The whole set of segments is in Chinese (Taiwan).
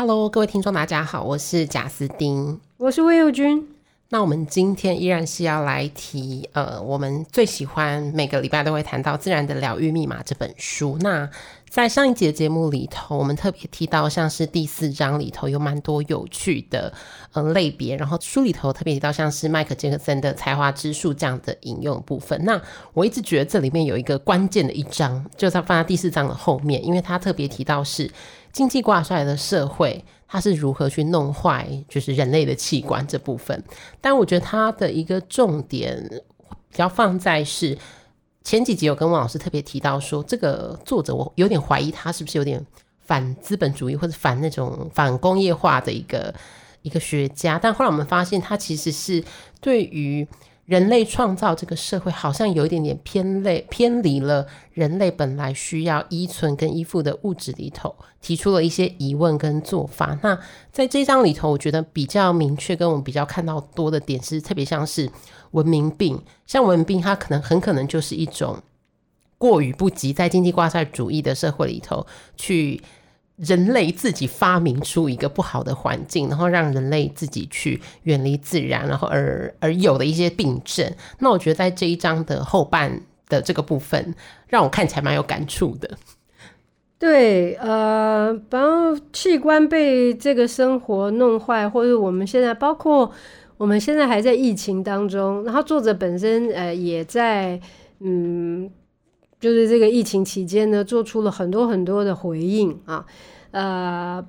Hello，各位聽眾，大家好，我是賈斯汀，我是溫佑君。那我們今天依然是要來提呃，我們最喜歡每個禮拜都會談到《自然的療癒密碼》這本書。那在上一節節目裡頭，我們特別提到像是第四章裡頭有蠻多有趣的呃類別，然後書裡頭特別提到像是邁克傑克森的才華之樹這樣的引用的部分。那我一直覺得這裡面有一個關鍵的一章，就在放在第四章的後面，因為他特別提到是。經濟掛帥的社會，它是如何去弄壞就是人類的器官這部分？但我覺得它的一個重點比較放在是前幾集，我跟王老師特別提到說，這個作者我有點懷疑他是不是有點反資本主義或者反那種反工業化的一個一個學家。但後來我們發現，他其實是對於。人類創造這個社會，好像有一點點偏類偏離了人類本來需要依存跟依附的物質裡頭，提出了一些疑問跟做法。那在這一章裡頭，我覺得比較明確跟我們比較看到多的點是，是特別像是文明病。像文明病，它可能很可能就是一種過於不及在經濟掛帥主義的社會裡頭去。人類自己發明出一個不好的環境，然後讓人類自己去遠離自然，然後而而有的一些病症。那我覺得在這一章的後半的這個部分，讓我看起來蠻有感觸的。對，呃，然後器官被這個生活弄壞，或者我們現在包括我們現在還在疫情當中，然後作者本身呃也在嗯。就是這個疫情期間呢，做出了很多很多的回應啊，呃，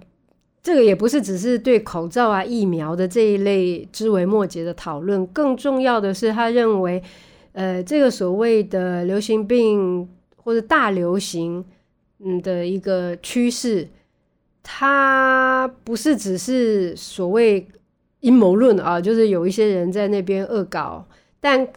這個也不是只是對口罩啊、疫苗的這一類枝微末節的討論，更重要的是，他認為，呃，這個所謂的流行病或者大流行，嗯的一個趨勢，它不是只是所謂陰謀論啊，就是有一些人在那邊惡搞，但。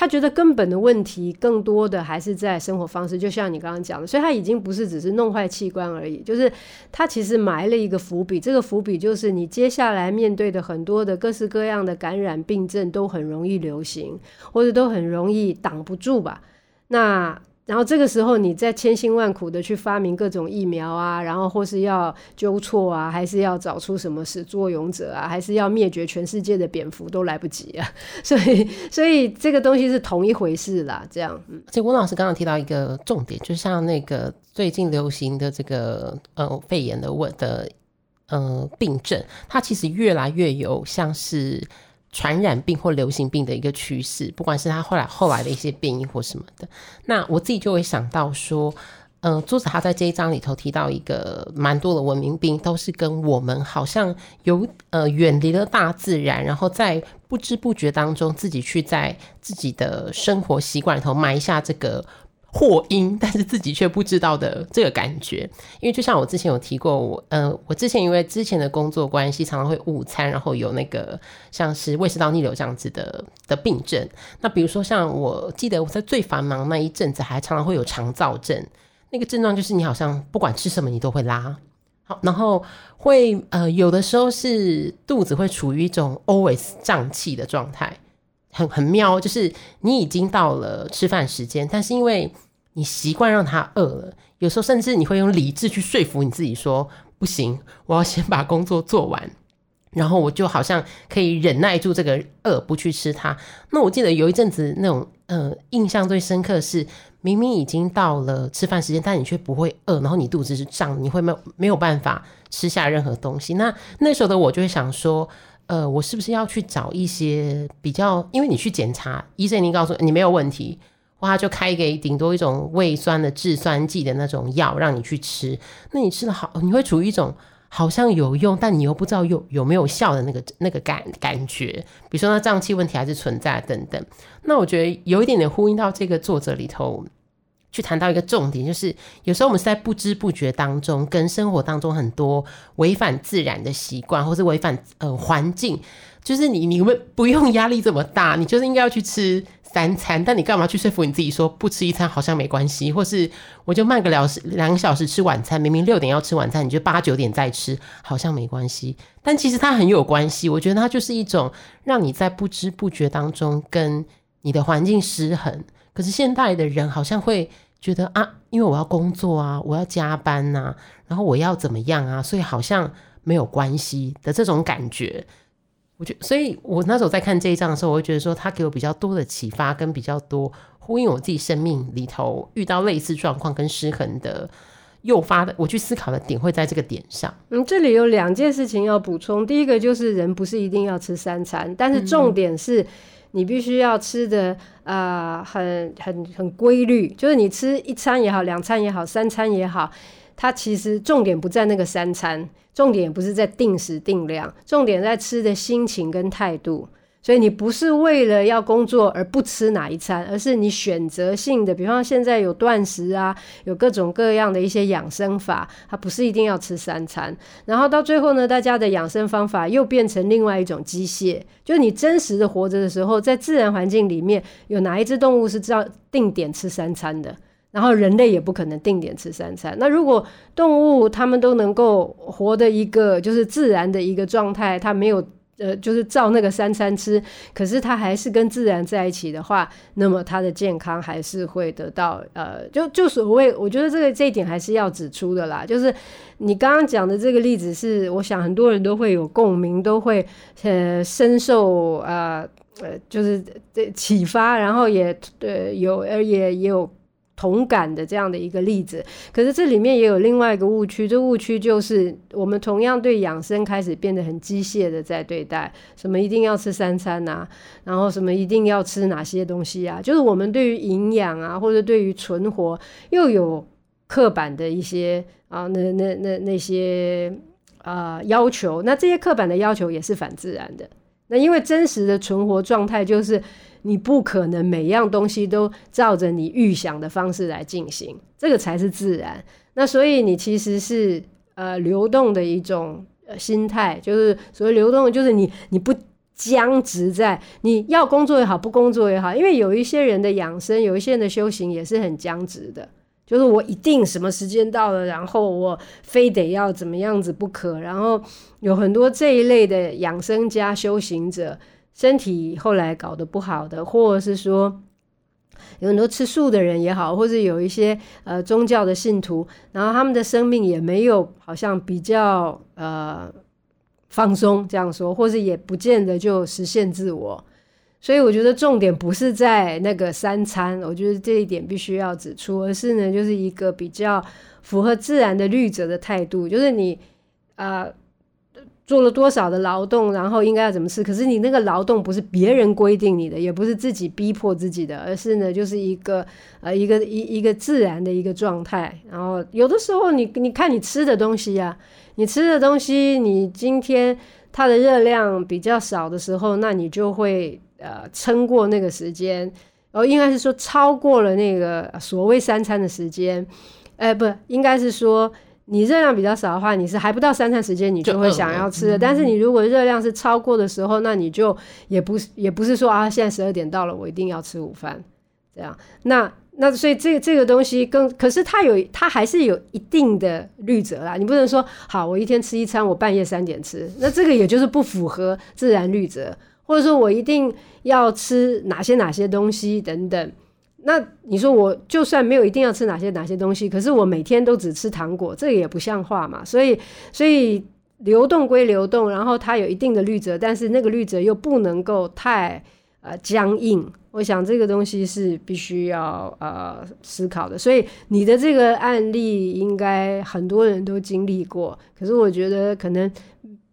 他覺得根本的問題更多的還是在生活方式，就像你剛剛講的，所以他已經不是只是弄壞器官而已，就是他其實埋了一個伏筆，這個伏筆就是你接下來面對的很多的各式各樣的感染病症都很容易流行，或者都很容易擋不住吧？那。然後這個時候，你在千辛萬苦的去發明各種疫苗啊，然後或是要糾錯啊，還是要找出什麼始作俑者啊，還是要滅絕全世界的蝙蝠都來不及啊。所以，所以這個東西是同一回事啦。這樣，這溫老師剛剛提到一個重點，就像那個最近流行的這個呃肺炎的問的呃病症，它其實越來越有像是。傳染病或流行病的一個趨勢，不管是他後來後來的一些變異或什麼的，那我自己就會想到說，嗯、呃，作者他在這一章裡頭提到一個蠻多的文明病，都是跟我們好像有呃遠離了大自然，然後在不知不覺當中自己去在自己的生活習慣裡頭埋下這個。或因，但是自己卻不知道的這個感覺，因為就像我之前有提過，我呃，我之前因為之前的工作關係，常常會誤餐，然後有那個像是胃食道逆流這樣子的的病症。那比如說像我記得我在最繁忙那一陣子，還常常會有腸躁症，那個症狀就是你好像不管吃什麼你都會拉，好，然後會呃有的時候是肚子會處於一種 always 脹氣的狀態。很很妙，就是你已經到了吃飯時間，但是因為你習慣讓它餓了，有時候甚至你會用理智去說服你自己說不行，我要先把工作做完，然後我就好像可以忍耐住這個餓不去吃它。那我記得有一陣子那種呃印象最深刻是，明明已經到了吃飯時間，但你卻不會餓，然後你肚子是脹，你會沒有沒有辦法吃下任何東西。那那時候的我就會想說。呃，我是不是要去找一些比較，因為你去檢查，醫生已經告訴你沒有問題，哇，就開給頂多一種胃酸的制酸劑的那種藥讓你去吃。那你吃的好，你會處於一種好像有用，但你又不知道有有沒有效的那個那個感感覺。比如說那脹氣問題還是存在等等。那我覺得有一點點呼應到這個作者裡頭。去談到一個重點，就是有時候我們是在不知不覺當中，跟生活當中很多違反自然的習慣，或是違反呃環境，就是你你不用壓力這麼大，你就是應該要去吃三餐，但你幹嘛去說服你自己說不吃一餐好像沒關係，或是我就慢個兩時兩小時吃晚餐，明明六點要吃晚餐，你就八九點再吃，好像沒關係。但其實它很有關係，我覺得它就是一種讓你在不知不覺當中跟你的環境失衡。可是現代的人好像會覺得啊，因為我要工作啊，我要加班吶啊，然後我要怎麼樣啊，所以好像沒有關係的這種感覺。我覺，所以我那時候在看這一章的時候，我會覺得說，他給我比較多的啟發，跟比較多呼應我自己生命裡頭遇到類似狀況跟失衡的誘發的，我去思考的點會在這個點上。嗯，這裡有兩件事情要補充，第一個就是人不是一定要吃三餐，但是重點是。嗯你必須要吃的，啊、呃，很很很規律，就是你吃一餐也好，兩餐也好，三餐也好，它其實重點不在那個三餐，重點不是在定時定量，重點在吃的心情跟態度。所以你不是為了要工作而不吃哪一餐，而是你選擇性的，比方現在有斷食啊，有各種各樣的一些養生法，它不是一定要吃三餐。然後到最後呢，大家的養生方法又變成另外一種機械。就你真實的活着的時候，在自然環境裡面有哪一隻動物是知道定點吃三餐的？然後人類也不可能定點吃三餐。那如果動物它們都能夠活的一個就是自然的一個狀態，它沒有。呃，就是照那個三餐吃，可是他還是跟自然在一起的話，那麼他的健康還是會得到呃，就就所謂，我覺得這個這一點還是要指出的啦。就是你剛剛講的這個例子是，是我想很多人都會有共鳴，都會呃深受啊呃，呃，就是這、呃、啟發，然後也對、呃，有，而、呃、也也有。同感的這樣的一個例子，可是這裡面也有另外一個誤區，這誤區就是我們同樣對養生開始變得很機械的在對待，什麼一定要吃三餐啊，然後什麼一定要吃哪些東西啊，就是我們對於營養啊或者對於存活又有刻板的一些啊那那那那些啊、呃、要求，那這些刻板的要求也是反自然的。那因為真實的存活狀態就是，你不可能每樣東西都照着你預想的方式來進行，這個才是自然。那所以你其實是呃流動的一種，呃，心態，就是所謂流動，就是你你不僵直在，你要工作也好，不工作也好，因為有一些人的養生，有一些人的修行也是很僵直的。就是我一定什麼時間到了，然後我非得要怎麼樣子不可。然後有很多這一類的養生家、修行者，身體後來搞得不好的，或者是說有很多吃素的人也好，或者有一些呃宗教的信徒，然後他們的生命也沒有好像比較呃放鬆這樣說，或是也不見得就實現自我。所以我覺得重點不是在那個三餐，我覺得這一點必須要指出，而是呢，就是一個比較符合自然的律則的態度，就是你啊、呃、做了多少的勞動，然後應該要怎麼吃。可是你那個勞動不是別人規定你的，也不是自己逼迫自己的，而是呢，就是一個呃一個一一個自然的一個狀態。然後有的時候你你看你吃的東西呀、啊，你吃的東西，你今天它的熱量比較少的時候，那你就會。呃，撐過那個時間，哦，應該是說超過了那個所謂三餐的時間，呃，不，應該是說你熱量比較少的話，你是還不到三餐時間，你就會想要吃。但是你如果熱量是超過的時候，嗯嗯，那你就也不也不是說啊，現在十二點到了，我一定要吃午飯，這樣。那那所以這這個東西更可是它有它還是有一定的律則啦。你不能說好，我一天吃一餐，我半夜三點吃，那這個也就是不符合自然律則。或者說我一定要吃哪些哪些東西等等，那你說我就算沒有一定要吃哪些哪些東西，可是我每天都只吃糖果，這也不像話嘛。所以，所以流動歸流動，然後它有一定的律則，但是那個律則又不能夠太呃僵硬，我想這個東西是必須要呃思考的。所以你的這個案例應該很多人都經歷過，可是我覺得可能。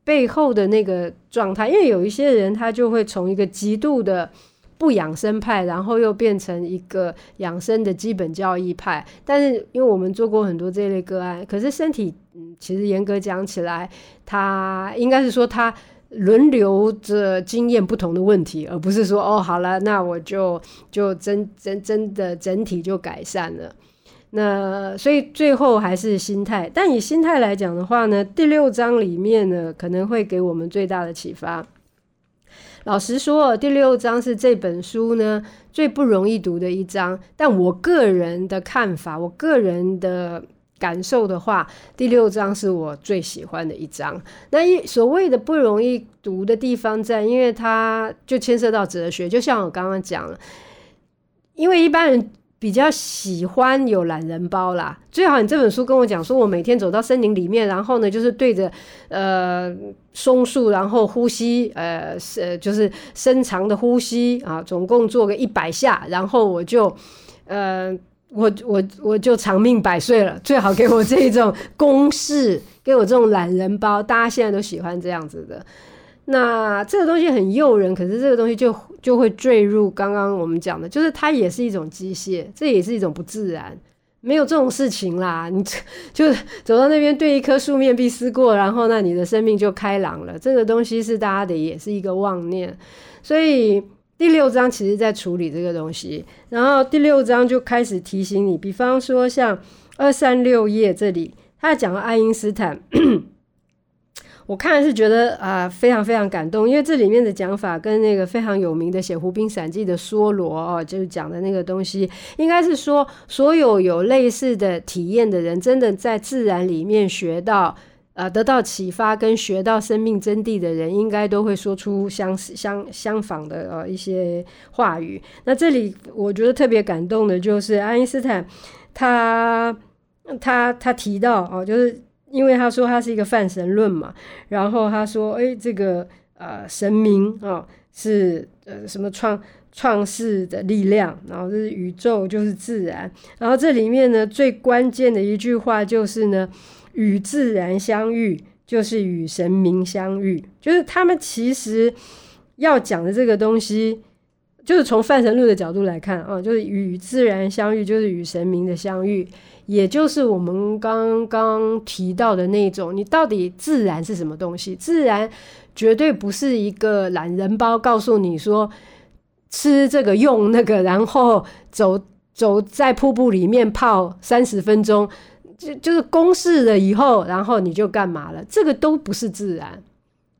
背後的那個狀態，因為有一些人他就會從一個極度的不養生派，然後又變成一個養生的基本教義派。但是因為我們做過很多這類個案，可是身體，嗯，其實嚴格講起來，他應該是說他輪流着經驗不同的問題，而不是說哦，好了，那我就就真真真的整體就改善了。那所以最後還是心態，但以心態來講的話呢，第六章裡面呢可能會給我們最大的啟發。老實說，第六章是這本書呢最不容易讀的一章，但我個人的看法，我個人的感受的話，第六章是我最喜歡的一章。那一所謂的不容易讀的地方在，因為它就牽涉到哲學，就像我剛剛講了，因為一般人。比較喜歡有懶人包啦，最好你這本書跟我講說，我每天走到森林裡面，然後呢就是對着呃松樹，然後呼吸，呃是、呃、就是深長的呼吸啊，總共做個一百下，然後我就呃我我我就長命百歲了。最好給我這一種公式， 給我這種懶人包，大家現在都喜歡這樣子的。那這個東西很誘人，可是這個東西就就會墜入剛剛我們講的，就是它也是一種機械，這也是一種不自然，沒有這種事情啦。你就，就走到那邊對一棵樹面壁思過，然後呢，你的生命就開朗了。這個東西是大家的也是一個妄念。所以第六章其實在處理這個東西，然後第六章就開始提醒你，比方說像二三六頁這裡，他講了愛因斯坦。 我看是覺得啊、呃，非常非常感動，因為這裡面的講法跟那個非常有名的寫《湖濱散記》的梭羅哦，就是講的那個東西，應該是說所有有類似的體驗的人，真的在自然裡面學到呃，得到啟發跟學到生命真諦的人，應該都會說出相似、相相仿的呃、哦、一些話語。那這裡我覺得特別感動的就是愛因斯坦他，他他他提到哦，就是。因為他說他是一個泛神論嘛，然後他說，哎，這個呃神明啊、哦、是呃什麼創創世的力量，然後這是宇宙就是自然，然後這裡面呢最關鍵的一句話就是呢，與自然相遇就是與神明相遇，就是他們其實要講的這個東西，就是從泛神論的角度來看啊、哦，就是與自然相遇就是與神明的相遇。也就是我們剛剛提到的那種，你到底自然是什麼東西？自然絕對不是一個懶人包，告訴你說吃這個用那個，然後走走在瀑布裡面泡三十分鐘，就就是公式了以後，然後你就幹嘛了？這個都不是自然，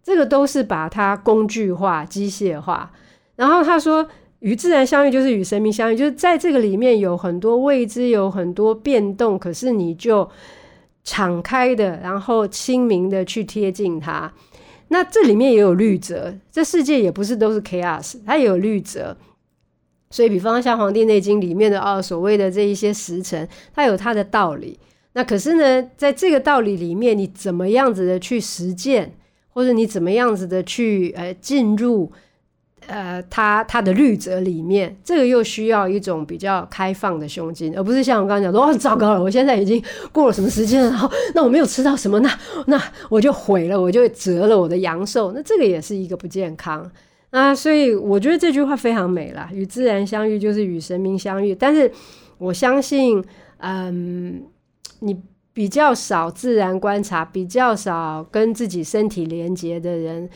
這個都是把它工具化、機械化。然後他說。與自然相遇就是與神明相遇，就是在這個裡面有很多未知，有很多變動，可是你就敞開的，然後清明的去貼近它。那這裡面也有律則，這世界也不是都是 chaos，它也有律則。所以，比方像《黃帝內經》裡面的哦，所謂的這一些時辰，它有它的道理。那可是呢，在這個道理裡面，你怎麼樣子的去實踐，或者你怎麼樣子的去呃進入？呃，它它的律則裡面，這個又需要一種比較開放的胸襟，而不是像我剛才講，哦，糟糕了，我現在已經過了什麼時間了，然後那我沒有吃到什麼呢？那我就毀了，我就折了我的陽壽，那這個也是一個不健康啊。所以我覺得這句話非常美了，與自然相遇就是與神明相遇。但是我相信，嗯、呃，你比較少自然觀察，比較少跟自己身體連接的人。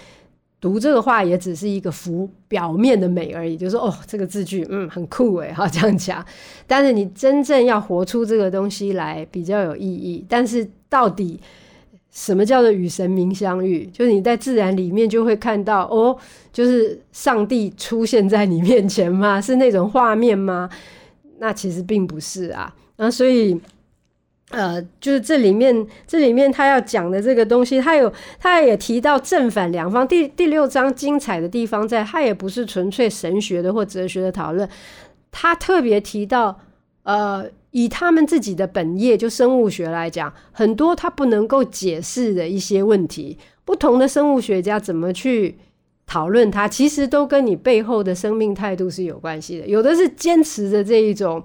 讀這個話也只是一個浮表面的美而已，就是說哦，這個字句，嗯，很酷哎，哈，這樣講。但是你真正要活出這個東西來，比較有意義。但是到底什麼叫做與神明相遇？就是你在自然裡面就會看到，哦，就是上帝出現在你面前嗎？是那種畫面嗎？那其實並不是啊，那、啊、所以。呃，就是這裡面，這裡面他要講的這個東西，他有，他也提到正反兩方。第第六章精彩的地方在，他也不是純粹神學的或哲學的討論，他特別提到，呃，以他們自己的本業就生物學來講，很多他不能夠解釋的一些問題，不同的生物學家怎麼去討論它，其實都跟你背後的生命態度是有關係的。有的是堅持着這一種。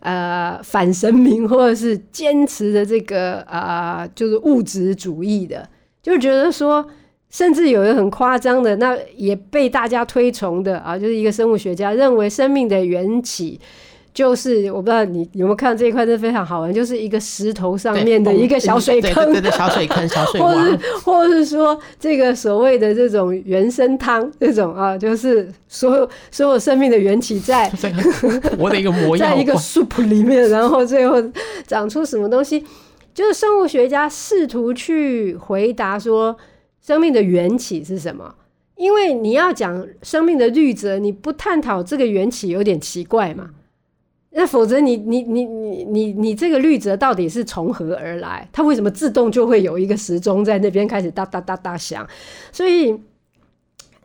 呃，反神明或者是堅持的這個啊、呃，就是物質主義的，就覺得說，甚至有人很誇張的，那也被大家推崇的啊，就是一個生物學家認為生命的緣起。就是我不知道你有沒有看到這一塊是非常好玩，就是一個石頭上面的一個小水坑，對、嗯嗯、對，對，對，小水坑，小水坑，或是或是說這個所謂的這種原生湯，這種啊，就是所有所有生命的緣起在， 在我的一個模樣，在一個 soup 裡面，然後最後長出什麼東西， 就是生物學家試圖去回答說生命的緣起是什麼？因為你要講生命的律則，你不探討這個緣起，有點奇怪嘛。那否則你你你你你你這個律則到底是從何而來？它為什麼自動就會有一個時鐘在那邊開始噠噠噠噠響？所以，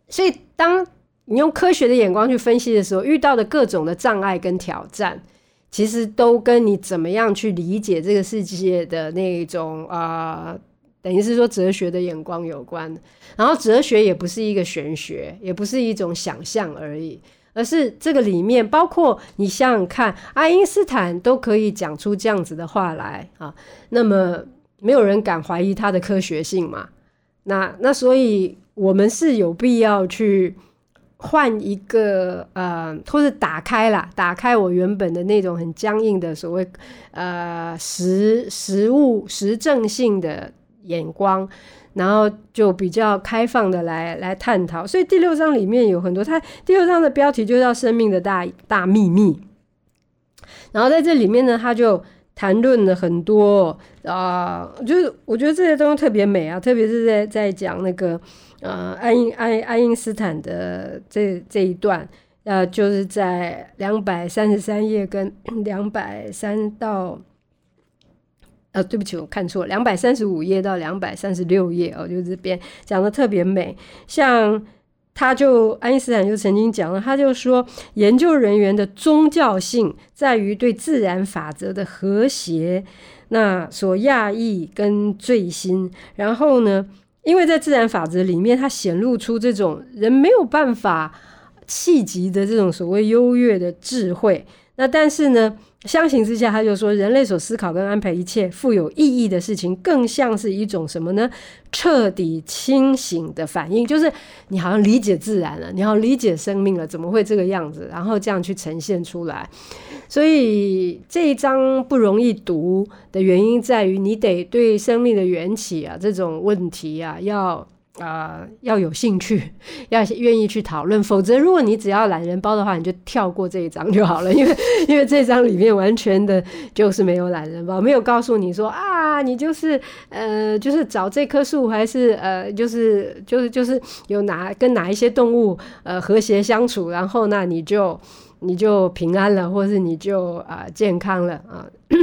所以當你用科學的眼光去分析的時候，遇到的各種的障礙跟挑戰，其實都跟你怎麼樣去理解這個世界的那一種啊、呃，等於是說哲學的眼光有關。然後，哲學也不是一個玄學，也不是一種想象而已。而是這個裡面包括你想想看，愛因斯坦都可以講出這樣子的話來啊，那麼沒有人敢懷疑他的科學性嘛。那那所以我們是有必要去換一個呃，或者打開啦，打開我原本的那種很僵硬的所謂呃實實物實證性的眼光。然後就比較開放的來來探討，所以第六章裡面有很多，他第六章的標題就叫“生命的大大秘密”。然後在這裡面呢，他就談論了很多啊、呃，就是我覺得這些東西特別美啊，特別是在在講那個呃愛因愛愛因斯坦的這這一段，呃，就是在兩百三十三頁跟兩百三到。呃、哦，對不起，我看錯，兩百三十五頁到兩百三十六頁哦，就這邊講的特別美。像他就愛因斯坦就曾經講了，他就說，研究人員的宗教性在於對自然法則的和諧，那所訝異跟醉心。然後呢，因為在自然法則裡面，它顯露出這種人沒有辦法企及的這種所謂優越的智慧。那但是呢，相形之下，他就說，人類所思考跟安排一切富有意義的事情，更像是一種什麼呢？徹底清醒的反應。就是你好像理解自然了，你好像理解生命了，怎麼會這個樣子？然後這樣去呈現出來。所以這一章不容易讀的原因，在於你得對生命的緣起啊這種問題啊要。啊、呃，要有興趣，要願意去討論。否則，如果你只要懶人包的話，你就跳過這一章就好了。因為，因為這章裡面完全的就是沒有懶人包，沒有告訴你說啊，你就是呃，就是找這棵樹，還是呃，就是就是就是有哪跟哪一些動物呃和諧相處，然後呢，你就你就平安了，或者是你就啊、呃、健康了啊。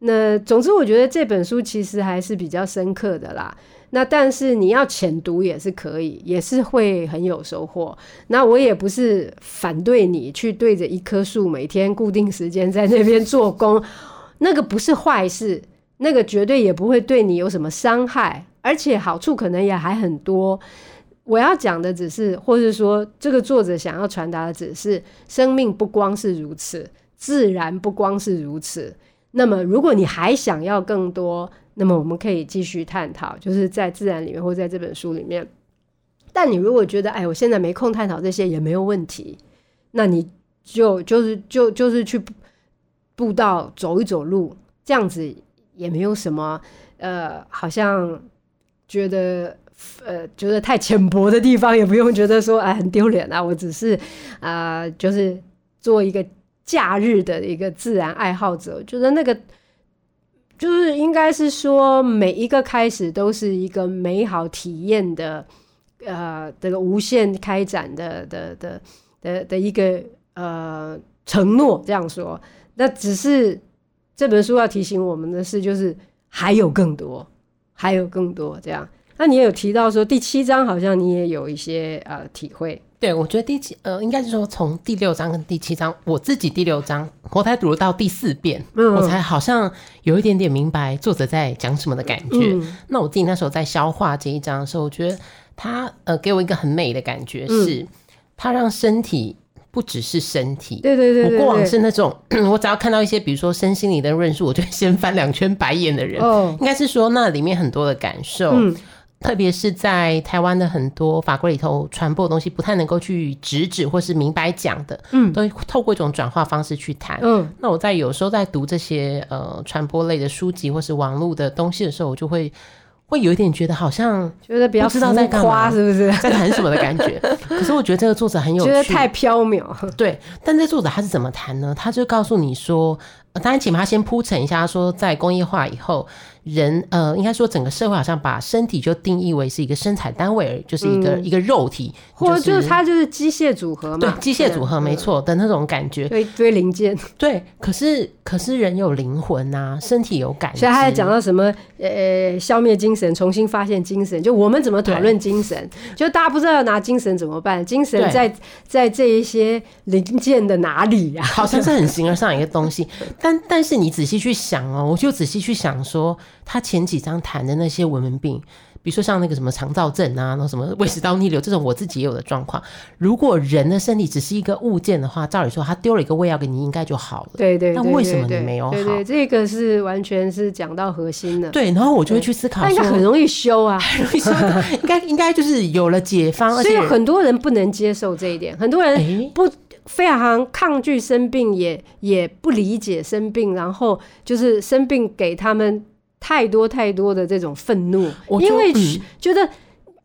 那總之，我覺得這本書其實還是比較深刻的啦。那但是你要淺讀也是可以，也是會很有收穫。那我也不是反對你去對着一棵樹每天固定時間在那邊做工， 那個不是壞事，那個絕對也不會對你有什麼傷害，而且好處可能也還很多。我要講的只是，或是說這個作者想要傳達的只是：生命不光是如此，自然不光是如此。那麼如果你還想要更多。那麼我們可以繼續探討，就是在自然裡面或在這本書裡面。但你如果覺得，哎，我現在沒空探討這些也沒有問題，那你就就是就就是去步道走一走路，這樣子也沒有什麼呃，好像覺得呃覺得太淺薄的地方，也不用覺得說哎很丟臉啊。我只是啊、呃，就是做一個假日的一個自然愛好者，我覺得那個。就是應該是說，每一個開始都是一個美好體驗的，呃，這個無限開展的的的的的一個呃承諾這樣說。那只是這本書要提醒我們的是，就是還有更多，還有更多這樣。那你也有提到說第七章好像你也有一些呃體會。對我覺得第七呃應該是說，從第六章跟第七章，我自己第六章我才讀到第四遍，嗯，我才好像有一點點明白作者在講什麼的感覺，嗯。那我自己那時候在消化這一章的時候，我覺得它呃給我一個很美的感覺是，嗯，它讓身體不只是身體。對對對，對，對，對，我過往是那種我只要看到一些比如說身心靈的論述，我就先翻兩圈白眼的人。哦，應該是說那裡面很多的感受。嗯特別是在台灣的很多法規裡頭，傳播的東西不太能夠去直指或是明白講的，嗯，都透過一種轉化方式去談。嗯，那我在有時候在讀這些呃傳播類的書籍或是網絡的東西的時候，我就會會有一點覺得好像不知道在幹嘛，覺得比較浮誇，是不是在談什麼的感覺？可是我覺得這個作者很有趣，覺得太飄渺。對，但這作者他是怎麼談呢？他就告訴你說。當然，起碼他先鋪陳一下，說在工業化以後，人呃，應該說整個社會好像把身體就定義為是一個生產單位，就是一個、嗯、一個肉體，或是就是、就是、它就是機械組合嘛，對，機械組合、嗯、沒錯的那種感覺，對，堆零件，對。可是可是人有靈魂吶、啊，身體有感覺，所以他還講到什麼呃、欸，消滅精神，重新發現精神，就我們怎麼討論精神？就大家不知道拿精神怎麼辦？精神在在這一些零件的哪裡呀、啊？好像是很形而上一個東西。 但但是你仔細去想哦，我就仔細去想說，他前幾章談的那些文明病，比如說像那個什麼腸燥症啊，那什麼胃食道逆流這種，我自己也有的狀況。如果人的身體只是一個物件的話，照理說他丟了一個胃藥給你應該就好了。對對，對，對，對。那為什麼你沒有好？對，對，對，這個是完全是講到核心的。對，然後我就會去思考，但應該很容易修啊，很 容易修，應該應該就是有了解方。 所以很多人不能接受這一點，很多人不。欸非常抗拒生病，也也不理解生病，然後就是生病給他們太多太多的這種憤怒。因為、嗯、覺得，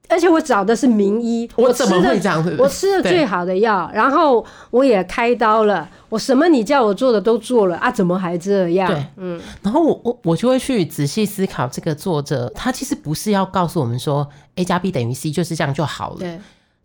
而且我找的是名醫，我怎麼會這樣？我吃了最好的藥，然後我也開刀了，我什麼你叫我做的都做了啊，怎麼還這樣？對，嗯。然後我我我就會去仔細思考這個作者，他其實不是要告訴我們說 A 加 B 等於 C 就是這樣就好了。對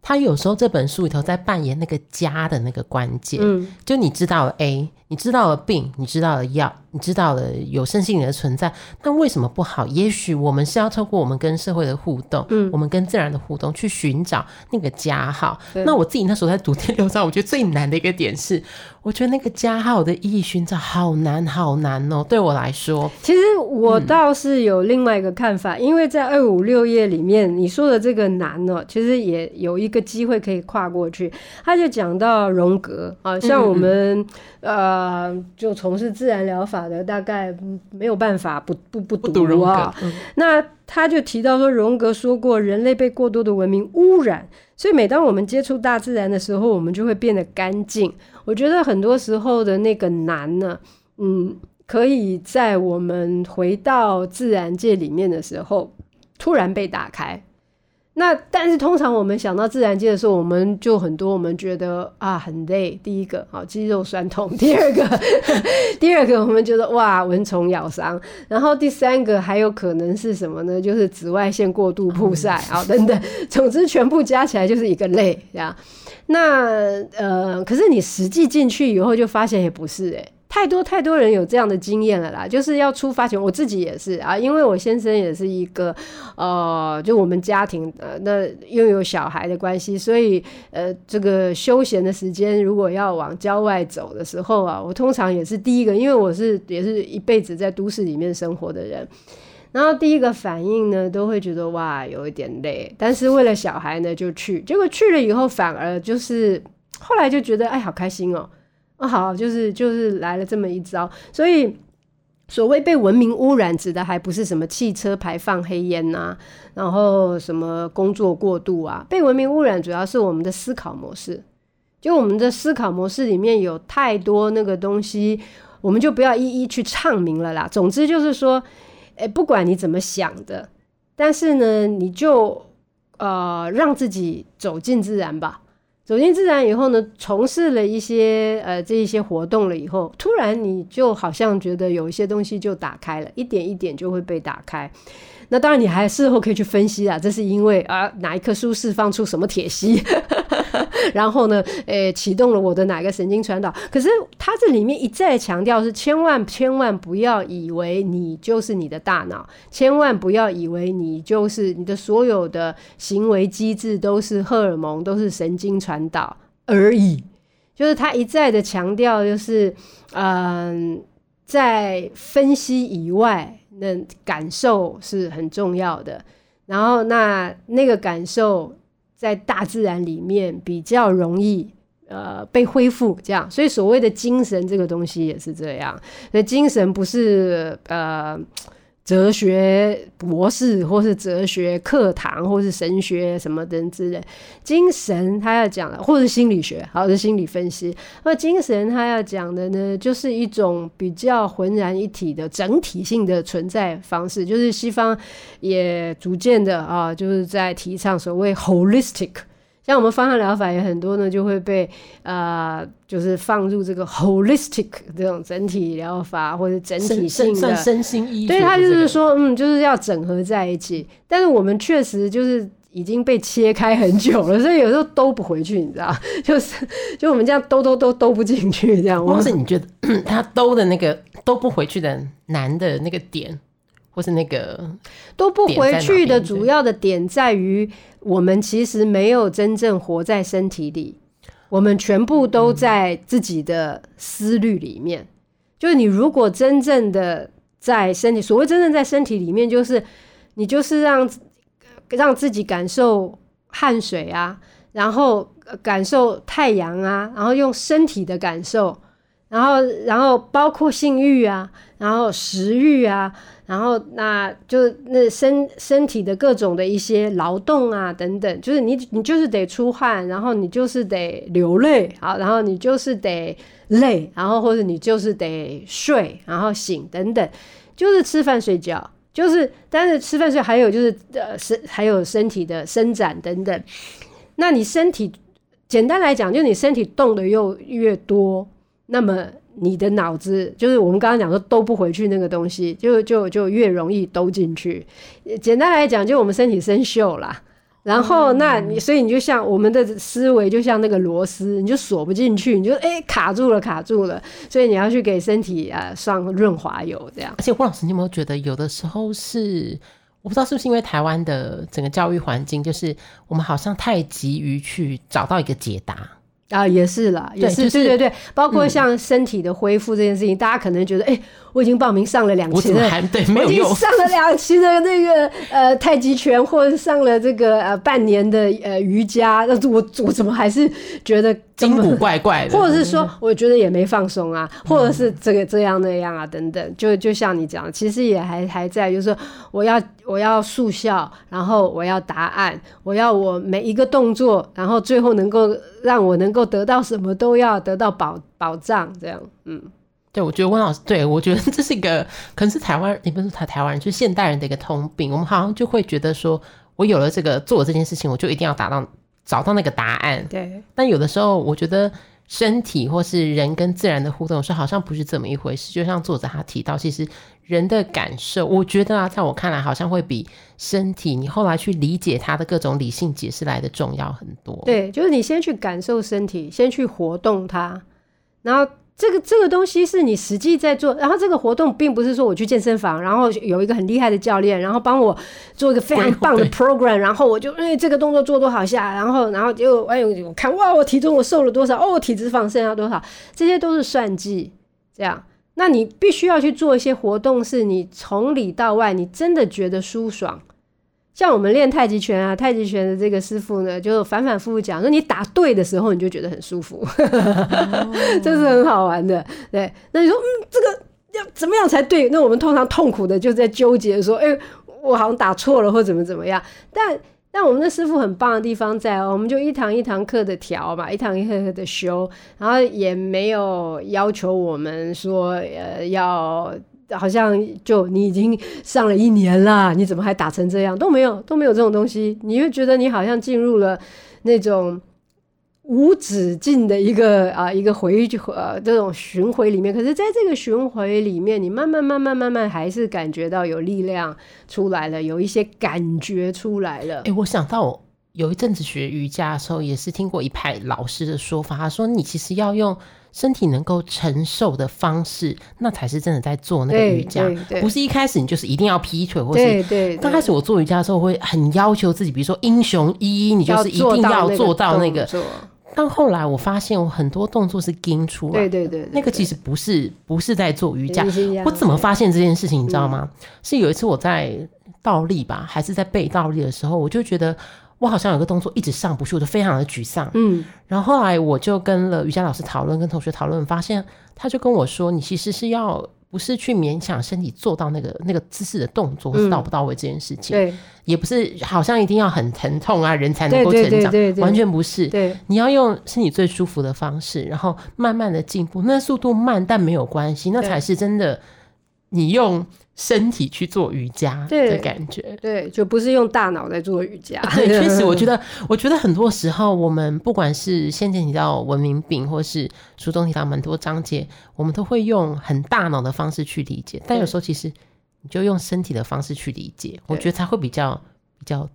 他有時候，這本書裡頭在扮演，那個家的那個關鍵，嗯，就你知道 A。你知道了病，你知道了藥，你知道了有身心靈的存在，那為什麼不好？也許我們是要透過我們跟社會的互動，嗯，我們跟自然的互動，去尋找那個加號。那我自己那時候在讀第六章，我覺得最難的一個點是，我覺得那個加號的意義尋找好難，好難哦、喔。對我來說，其實我倒是有另外一個看法，嗯、因為在二五六頁裡面你說的這個難呢、喔，其實也有一個機會可以跨過去。他就講到榮格啊、呃，像我們嗯嗯呃。啊、呃，就從事自然療法的，大概、嗯、沒有辦法不不不讀啊、不讀榮格。那他就提到說，榮格說過，人類被過多的文明污染，所以每當我們接觸大自然的時候，我們就會變得乾淨。我覺得很多時候的那個難呢，嗯，可以在我們回到自然界裡面的時候，突然被打開。那但是通常我們想到自然界的時候，我們就很多，我們覺得啊很累。第一個，好，肌肉痠痛；第二個， 第二個，我們覺得哇蚊蟲咬傷，然後第三個還有可能是什麼呢？就是紫外線過度曝曬，啊 等等。總之，全部加起來就是一個累，這樣。那呃，可是你實際進去以後就發現也不是誒、欸太多太多人有這樣的經驗了啦，就是要出發前，我自己也是啊，因為我先生也是一個，呃，就我們家庭的呃，那又有小孩的關係，所以呃，這個休閒的時間如果要往郊外走的時候啊，我通常也是第一個，因為我是也是一輩子在都市裡面生活的人，然後第一個反應呢，都會覺得哇，有一點累，但是為了小孩呢就去，結果去了以後反而就是後來就覺得哎，好開心喔。哦，好，就是就是來了這麼一招，所以所謂被文明污染，指的還不是什麼汽車排放黑煙吶、啊，然後什麼工作過度啊，被文明污染主要是我們的思考模式，就我們的思考模式裡面有太多那個東西，我們就不要一一去唱名了啦。總之就是說，哎，不管你怎麼想的，但是呢，你就呃讓自己走進自然吧。走進自然以後呢，從事了一些呃這一些活動了以後，突然你就好像覺得有一些東西就打開了，一點一點就會被打開。那當然，你還事後可以去分析啊，這是因為啊，呃，哪一棵樹釋放出什麼萜烯。 然後呢？誒，啟動了我的哪個神經傳導？可是他這裡面一再強調是：千萬千萬不要以為你就是你的大腦，千萬不要以為你就是你的所有的行為機制都是荷爾蒙，都是神經傳導而已。而已，就是他一再的強調，就是嗯、呃，在分析以外，那感受是很重要的。然後那那個感受。在大自然裡面比較容易，呃，被恢復這樣，所以所謂的精神這個東西也是這樣。那精神不是呃。哲學博士，或是哲學課堂，或是神學什麼等之類，精神他要講的，或是心理學，或是心理分析。那精神他要講的呢，就是一種比較渾然一體的整體性的存在方式，就是西方也逐漸的啊，就是在提倡所謂 holistic。像我們芳香療法，也很多呢，就會被啊、呃，就是放入這個 holistic 這種整體療法或者整體性的，算身心醫，對，他就是說、這個，嗯，就是要整合在一起。但是我們確實就是已經被切開很久了，所以有時候兜不回去， 你知道，就是就我們這樣兜兜兜兜，兜不進去，這樣。或是你覺得他兜的那個兜不回去的難的那個點？或是那個都不回去的主要的點在於，我們其實沒有真正活在身體裡，我們全部都在自己的思慮裡面。就是你如果真正的在身體，所謂真正在身體裡面，就是你就是讓讓自己感受汗水啊，然後感受太陽啊，然後用身體的感受，然後然後包括性慾啊，然後食慾啊。然後，那就那身身體的各種的一些勞動啊，等等，就是你你就是得出汗，然後你就是得流淚，好，然後你就是得累，然後或者你就是得睡，然後醒等等，就是吃飯睡覺，就是但是吃飯睡還有就是呃是還有身體的伸展等等。那你身體簡單來講，就你身體動得又越多，那麼。你的腦子就是我們剛剛講說兜不回去那個東西，就就就越容易兜進去。簡單來講，就我們身體生鏽啦，然後、嗯、那你所以你就像我們的思維就像那個螺絲，你就鎖不進去，你就誒、欸、卡住了，卡住了。所以你要去給身體啊、呃、上潤滑油，這樣。而且胡老師，你有沒有覺得有的時候是我不知道是不是因為台灣的整個教育環境，就是我們好像太急於去找到一個解答。啊，也是啦，也是，對、就是、對對對，包括像身體的恢復這件事情，嗯，大家可能覺得哎，欸我已經報名上了兩期了我，我已經上了兩期的那個呃太極拳，或者是上了這個呃半年的呃瑜伽。我我怎麼還是覺得筋骨怪怪的，或者是說我覺得也沒放鬆啊，嗯、或者是這個這樣那樣啊等等。嗯、就就像你講，其實也還還在，就是說我要我要速效，然後我要答案，我要我每一個動作，然後最後能夠讓我能夠得到什麼都要得到保保障，這樣嗯。對，我覺得溫老師，對，我覺得這是一個可能是台灣人，也不是台台灣人，就是現代人的一個通病。我們好像就會覺得說，我有了這個做這件事情，我就一定要達到找到那個答案。對，但有的時候，我覺得身體或是人跟自然的互動，是好像不是這麼一回事。就像作者他提到，其實人的感受，我覺得啊，在我看來，好像會比身體你後來去理解它的各種理性解釋來的重要很多。對，就是你先去感受身體，先去活動它，然後。這個這個東西是你實際在做，然後，這個活動並不是說我去健身房，然後有一個很厲害的教練，然後幫我做一個非常棒的 program，然後我就因為、哎、這個動作做多少下，然後然後就哎呦，我看，哇，我體重，我瘦了多少哦，我體脂肪剩下多少，這些都是算計這樣。那你必須要去做一些活動，是你從裡到外你真的覺得舒爽。像我們練太極拳啊，太極拳的這個師傅呢，就反反复覆講說，你打對的時候，你就覺得很舒服，Oh. 呵呵，這是很好玩的。對，那你說，嗯，這個要怎麼樣才對？那我們通常痛苦的就在糾結說，哎，我好像打錯了或怎麼怎麼樣。但但我們的師傅很棒的地方在哦，我們就一堂一堂課的調嘛，一堂一堂課的修，然後也沒有要求我們說，呃，要。好像就你已經上了一年了，你怎麼還打成這樣？都沒有都沒有這種東西，你會覺得你好像進入了那種無止境的一個啊、呃、一個回呃這種循環裡面。可是，在這個循環裡面，你慢慢慢慢慢慢還是感覺到有力量出來了，有一些感覺出來了。誒、欸，我想到有一陣子學瑜伽的時候，也是聽過一派老師的說法，他說你其實要用。身體能夠承受的方式，那才是真的在做那個瑜伽。對對對，不是一開始你就是一定要劈腿，對對對，或是剛開始我做瑜伽的時候，我會很要求自己，比如說英雄一，你就是一定要做到那個。那個，但後來我發現，我很多動作是撐出來的，對對、對、對、對，那個其實不是不是在做瑜伽，對對對對對。我怎麼發現這件事情？你知道嗎？對對對對對，是有一次我在倒立吧、嗯，還是在背倒立的時候，我就覺得。我好像有個動作一直上不去，我就非常的沮喪。嗯，然後後來我就跟了瑜伽老師討論，跟同學討論，發現他就跟我說：“你其實是要不是去勉強身體做到那個那個姿勢的動作或是到不到位這件事情，嗯，對，也不是好像一定要很疼痛啊，人才能夠成長，對對對對對對。完全不是。對，你要用身體最舒服的方式，然後慢慢的進步，那速度慢但沒有關係，那才是真的。你用。”身體去做瑜伽的感覺，對，對，就不是用大腦在做瑜伽。哦，對，確實，我覺得，我覺得很多時候，我們不管是先前提到文明病，或是書中提到蠻多章節，我們都會用很大腦的方式去理解。但有時候，其實你就用身體的方式去理解，我覺得才會比較比較。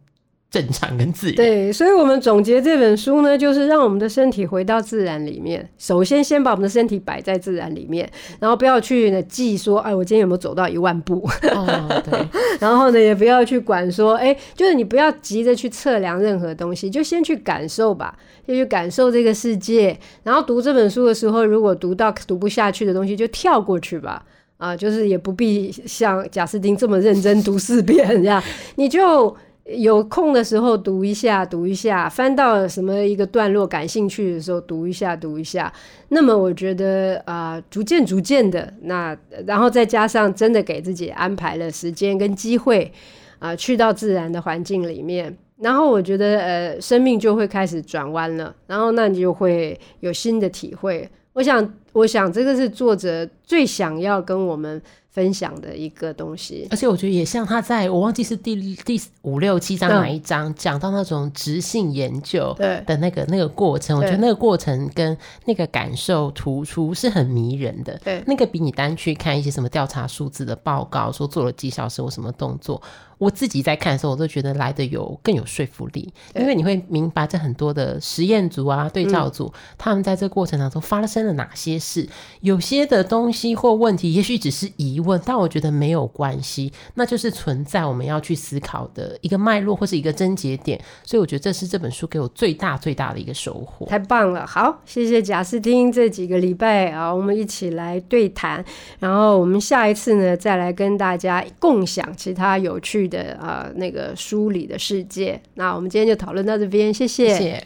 正常跟自然對，所以我們總結這本書呢，就是讓我們的身體回到自然裡面。首先，先把我們的身體擺在自然裡面，然後不要去呢記說，哎，我今天有沒有走到一萬步？哦？對。然後呢，也不要去管說，哎，就是你不要急着去測量任何東西，就先去感受吧，先去感受這個世界。然後讀這本書的時候，如果讀到讀不下去的東西，就跳過去吧。啊，就是也不必像賈斯汀這麼認真讀四遍 這樣，你就。有空的時候讀一下，讀一下，翻到什麼一個段落感興趣的時候讀一下，讀一下。那麼我覺得啊、呃，逐漸逐漸的，那然後再加上真的給自己安排了時間跟機會啊、呃，去到自然的環境裡面，然後我覺得呃，生命就會開始轉彎了，然後那你就會有新的體會。我想。我想這個是作者最想要跟我們分享的一個東西，而且我覺得也像他在我忘記是第第五六七章哪一章講、嗯、到那種質性研究的那個那個過程，我覺得那個過程跟那個感受突出是很迷人的。對，那個比你單去看一些什麼調查數字的報告，說做了幾小時或什麼動作，我自己在看的時候，我都覺得來得有更有說服力，因為你會明白這很多的實驗組啊、對照組，嗯、他們在這個過程當中發生了哪些。是有些的東西或問題，也許只是疑問，但我覺得沒有關係，那就是存在我們要去思考的一個脈絡或是一個症結點。所以我覺得這是這本書給我最大最大的一個收穫。太棒了，好，謝謝賈斯汀，這幾個禮拜啊，我們一起來對談，然後我們下一次呢再來跟大家共享其他有趣的啊、呃、那個書裡的世界。那我們今天就討論到這邊，謝謝。謝謝。